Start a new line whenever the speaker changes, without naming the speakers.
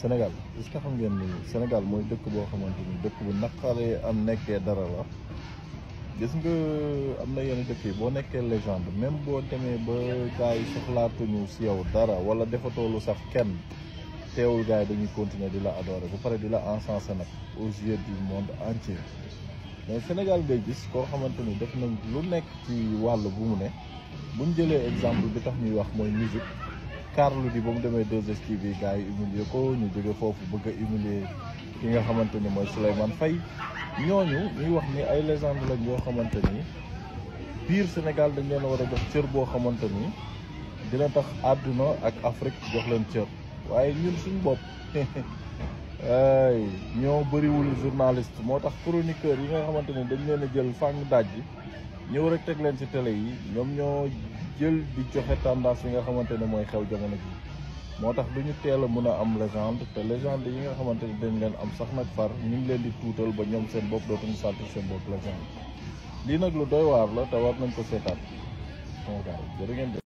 Sénégal est-ce xam ngeen ni Sénégal mooy dëkk boo xamante ni dëkk bu naqaree am nekkee dara la gis nga am na yenn dëkk yi boo nekkee légende même boo demee ba gars yi soxlaatuñu si yow dara wala defatoo lu sax kenn teewul gars yi dañuy continuer di la adorer ba pare di la encensé nag aux yeux du monde entier mais Sénégal ngay gis koo xamante ni def nañ lu nekk ci wàll bu mu ne buñ jëlee exemple bi tax ñuy wax mooy musique Carlou D ba mu demee 2 bi gars yi humilier ko ñu jóge foofu bëgg a humilier ki nga xamante ni mooy Souleymane Faye ñooñu ñuy wax ni ay légende lañ yoo xamante ni biir Sénégal dañ leen war a jox cër boo xamante ni dina tax àdduna ak Afrique jox leen cër waaye ñun suñ bopp ay ñoo bëriwul journaliste moo tax chroniqueur yi nga xamante ni dañ leen a jël fàng daj ñëw rek teg leen ci télé yi ñoom ñoo jël di joxe tendance yi nga xamante ne mooy xew jamono ji moo tax du ñu teel a mën a am légende te légende yi nga xamante ne dañ leen am sax nag far ñu ngi leen di tuutal ba ñoom seen bopp dootuñu sentir seen bopp légende lii nag lu doy waar la te war nañ ko seetaat
sama gars yi jërë ngeen